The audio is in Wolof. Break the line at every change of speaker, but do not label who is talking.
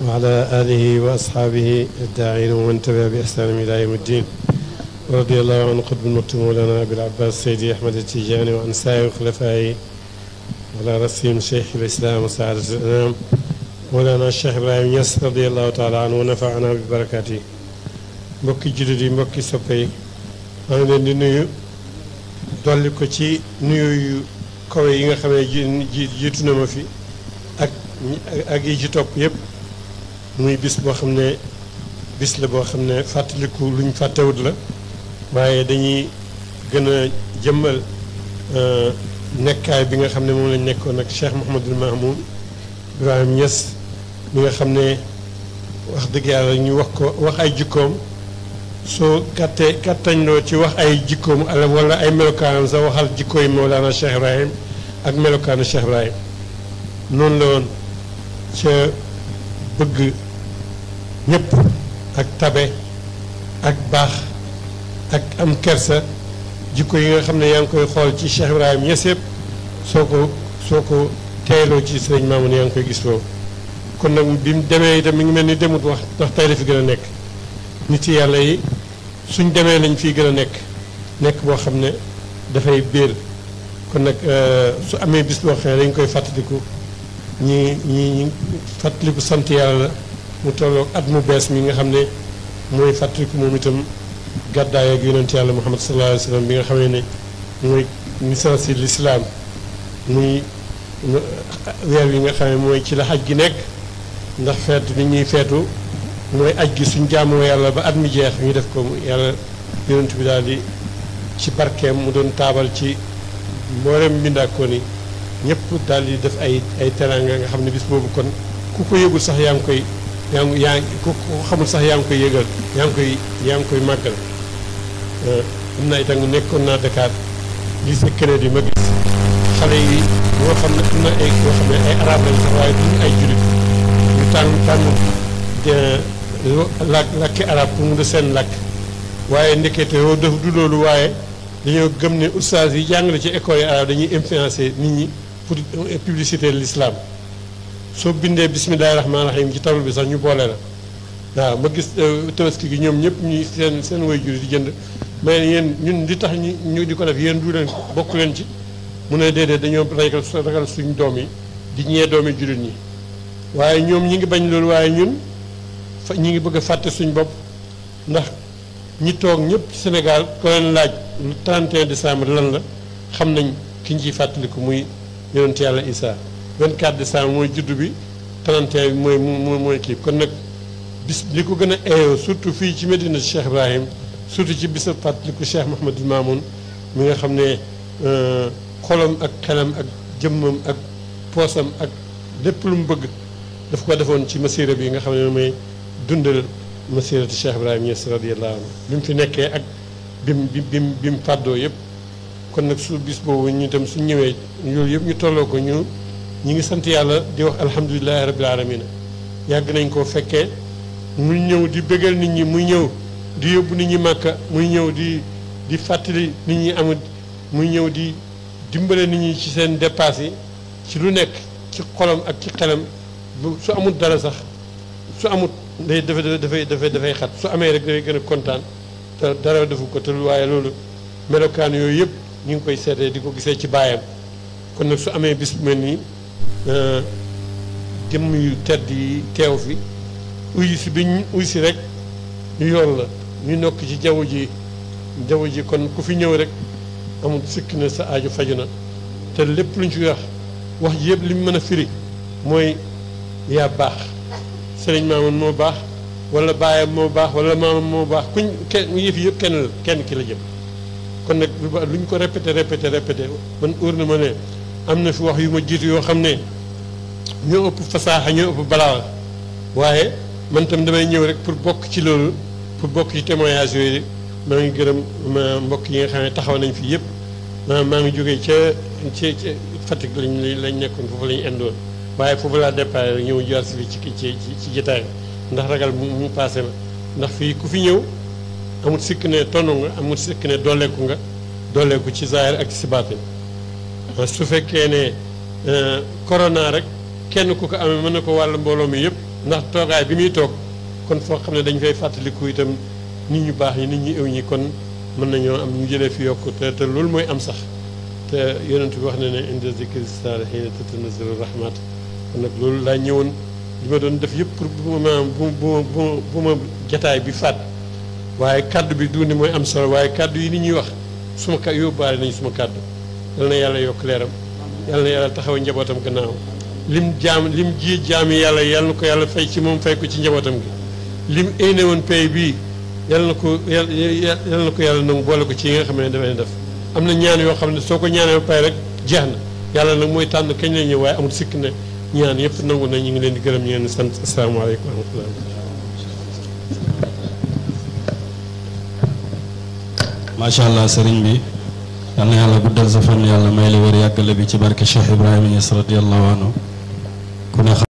wa ala alihi wa ashaabihi daa'iin wa man tabi'a bi ihsaanin ilaa yawmi ddiin wa radiyallaahu an qutbil maktuum mawlaanaa abil abbaas seydi ahmad tijaani wa an saa'iri xulafaa'ihi wa alaa ra'sihim sheykhul islaam wa saadatul anaam mawlaanaa cheikh ibrahima Ñas radiyallaahu taala anhu wa nafaanaa bi barakaatihi mbokki jullit yi mbokki soppe yi maa ngi leen di nuyu dolli ko ci nuyu yu kawe yi nga xam ne jiitu na ma fi ak ak yi ci topp yëpp muy bis boo xam ne bis la boo xam ne fàttaliku luñ fàttewut la waaye dañuy gën a jëmmal euh, nekkaay bi nga xam ne moom lañ nekkoon ak Cheikh Mouhamadul Mahmoud Ibrahim Niass mi nga xam ne wax dëgg yàlla ñu wax ko wax ay jikkoom soo kàttee kàttañloo ci wax ay jikkoom wala ay melokaanam sa waxal jikko yi Mawlana Cheikh Ibrahim ak melokaanu Cheikh Ibrahim noonu la woon ca bëgg ñëpp ak tabe ak baax ak am kersa jikko yi nga xam ne yaa ngi koy xool ci Cheikh Ibrahima Niass yëpp soo ko soo ko teeloo ci sëriñ Mamoune yaa ngi koy gis foofu kon nag bi mu demee itam mi ngi mel ni demut wax ndax tey la fi gën a nekk nit ci yàlla yi suñ demee lañ fii gën a nekk nekk boo xam ne dafay biir kon nag euh, su amee bis boo xam ne dañ koy fàttaliku ñi ñi ñi fàttaliku sant yàlla la mu tolloog at mu bees mi nga xam ne mooy fàttaliku moom itam gàddaay ak yonent yàlla Muhammad sallallahu alayhi wa sallam bi nga xam ne mooy naissance yi lislaam muy weer yi mooy ci la xaj gi nekk ndax feet bi ñuy feetu mooy aj gi suñ jaamoo yàlla ba at mi jeex ñu def ko yàlla yonent bi daal di ci barkeem mu doon taabal ci mboolem mbindaakoon ni ñëpp daal di def ay ay teraanga nga xam ne bis boobu kon ku ko yëgul sax yaa ngi koy yaa ngi yaa ngi ku xamul sax yaa ngi koy yëgal yaa ngi koy yaa ngi koy màggal euh, am na itam nekkoon naa Dakar lycée Kennedy ma gis xale yi yoo xam ne am na ay yoo xam sax waaye duñu ay jullit ñu tànn tànn làkk làkki arab pour mu de seen làkk waaye ndekete yoo def du loolu waaye dañoo gëm ne oustaz yi jàngale ci école yi arab dañuy influencer nit ñi pour publicité l'islam soo bindee bisimilahi rahmaani rahim ci tabal bi sax ñu boolee la waaw ma gis euh, tabaski gi ñoom ñëpp ñu seen seen way jur di jënd mais yéen ñun li tax ñu ñu di ko def yéen du leen bokk leen ci mu ne déedéet dañoo ragal ragal doom yi di ñee doomi jullit ñi waaye ñoom ñi ngi bañ loolu waaye ñun ñi ngi bëgg a fàtte suñ bopp ndax ñi toog ñëpp ci Sénégal ko leen laaj lu 31 décembre lan la xam nañ ki ñu ciy fàttaliku muy yonent yàlla Isaa 24 décembre mooy juddu bi 31 mooy mooy kii kon nag bis li ko gën a eeyoo surtout fii ci Medina Cheikh Ibrahim surtout ci bisa fàttaliku Cheikh Mouhamadul Mamoun mi nga xam ne euh, xolam ak xelam ak jëmmam ak poosam ak lépp lu mu bëgg daf ko defoon ci masira bi nga xam ne mooy dundal masiratu Cheikh Ibrahim Niass radiyallahu anhu bi mu fi nekkee ak bim bim bim fàddoo yëpp kon nag su bis boobu ñu itam suñ ñëwee loolu yëpp ñu tolloo ko ñu ñi ngi sant yàlla di wax alhamdulilahi rabbil alamina yàgg nañ koo fekkee muy ñëw di bëggal nit ñi muy ñëw di yóbbu nit ñi màkka muy ñëw di di fàttali nit ñi amul muy ñëw di dimbale nit ñi ci seen dépasse yi ci lu nekk ci xolam ak ci xelam su amul dara sax su amut day dafay dafay dafay dafay xat su amee rek dafay gën a kontaan te dara defu ko te waaye loolu melokaan yooyu yëpp ñu ngi koy seetee di ko gisee ci baayam kon nag su amee bis nii Euh, jëmm yu tedd yi teew fi uy si biñ uy rek ñu yoon la ñu nokk ci jaww ji jaww ji kon ku fi ñëw rek amul sikki na sa aaju faju na te lépp luñ ci wax wax ji yëpp li mu mën a firi mooy yaa baax sëriñ maamoon moo baax wala baayam moo baax wala maamam moo baax kuñ kenn yëf yëpp kenn kenn ki la jëm kon nag lu ñu ko répété répété répété man óor na ma ne am na fi wax yu ma jiit yoo xam ne ñoo ëpp fasaaxa ñoo ëpp balaa waaye man tam damay ñëw rek pour bokk ci loolu pour bokk ci témoignage yooyu maa ngi gërëm mbokk yi nga xam ne taxaw nañ fii yëpp maa maa ngi jógee ca ca ca Fatick lañ lañ nekkoon foofu lañ indoon waaye foofu laa départ ñëw jaar si fi ci ci ci jotaay ndax ragal mu mu passé la ndax fii ku fi ñëw amul sikk ne tonn nga amul sikk ne dooleeku nga dolleeku ci zaahir ak ci baatin su fekkee ne euh, corona rek kenn ku ko amee mën na ko wàll mbooloo mi yëpp ndax toogaay bi muy toog kon foo xam ne dañ fay fàttaliku itam nit ñu baax ñi nit ñu ëw ñi kon mën nañoo am ñu jëlee fi yokk te te loolu mooy am sax te yonent bi wax na ne inda zikri saalihiina tatanazzalu rahmaat kon nag loolu laa ñëwoon li ma doon def yëpp pour bu ma bu bu bu ma jataay bi fàtt waaye kàddu bi du mooy am solo waaye kàddu yi ni ñuy wax suma ka yóbbaale nañ suma kàddu yal na yàlla yokk leeram yal na yàlla taxaw njabootam gannaaw lim jaam lim ji jaami yàlla yal na ko yàlla fay ci moom fay ko ci njabootam gi lim éyne woon pay bii yal na ko yal na ko yàlla ci yi nga xam ne dafay def am na ñaan yoo ne soo ko ñaanee pay rek jeex na yàlla nag mooy tànn kañ la waaye amul sikk na ñaan yëpp nangu na ñu ngi leen di gërëm ñu sant asalaamaaleykum wa rahmatulah macha yal na yàlla guddal sa fan yàlla may la wér yàggale bi ci barke Cheikh Ibrahima Niass radiyallahu anhu ku ne